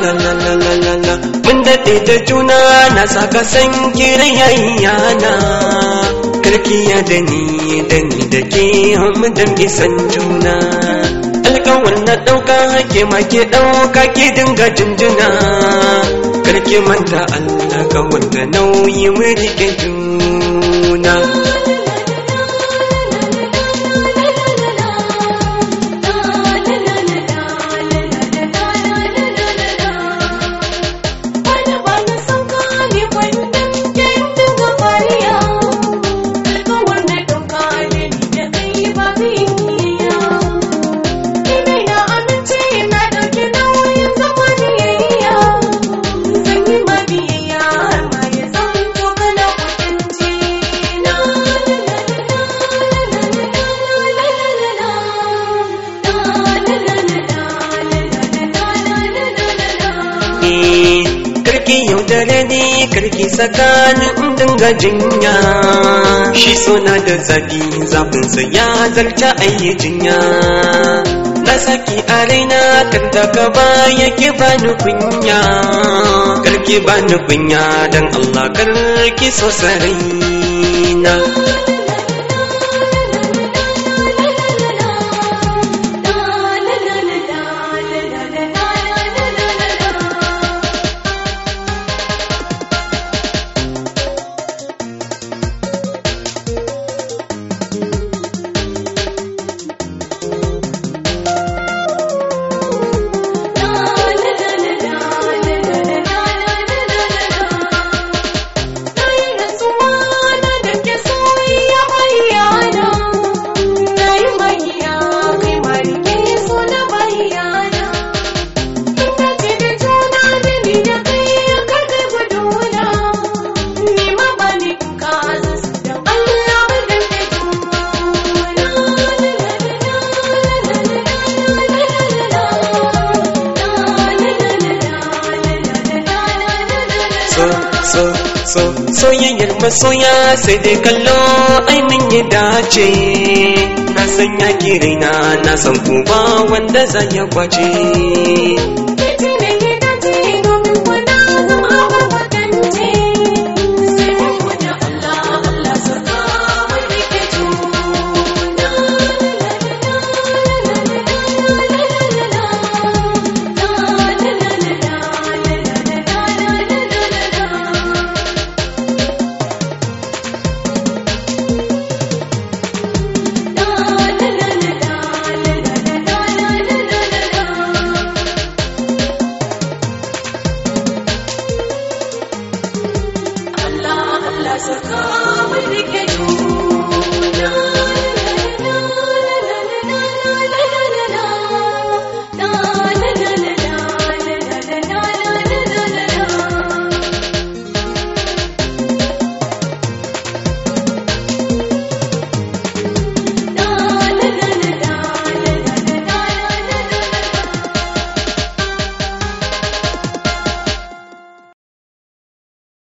la la la la la la mun daɗe da juna na saka san kirayayya na karkiya da ni da ni da ke mu da isan juna alƙawar na ɗauka hake ma ke ɗauka ke dinga jinjina karki manta Allah ka wanda nauyi mu riƙe juna yau da rani karki tsakanin dinga jinya shi suna da zafi zafinsa ya zarta ayi jinya na saki a raina kan daga baya ki bani kunya karki bani kunya dan Allah karki so saraina so so soyayyar masoya sai dai kallo ai min yi dace na san kirina na san kuma wanda zan ya kwace Jessica.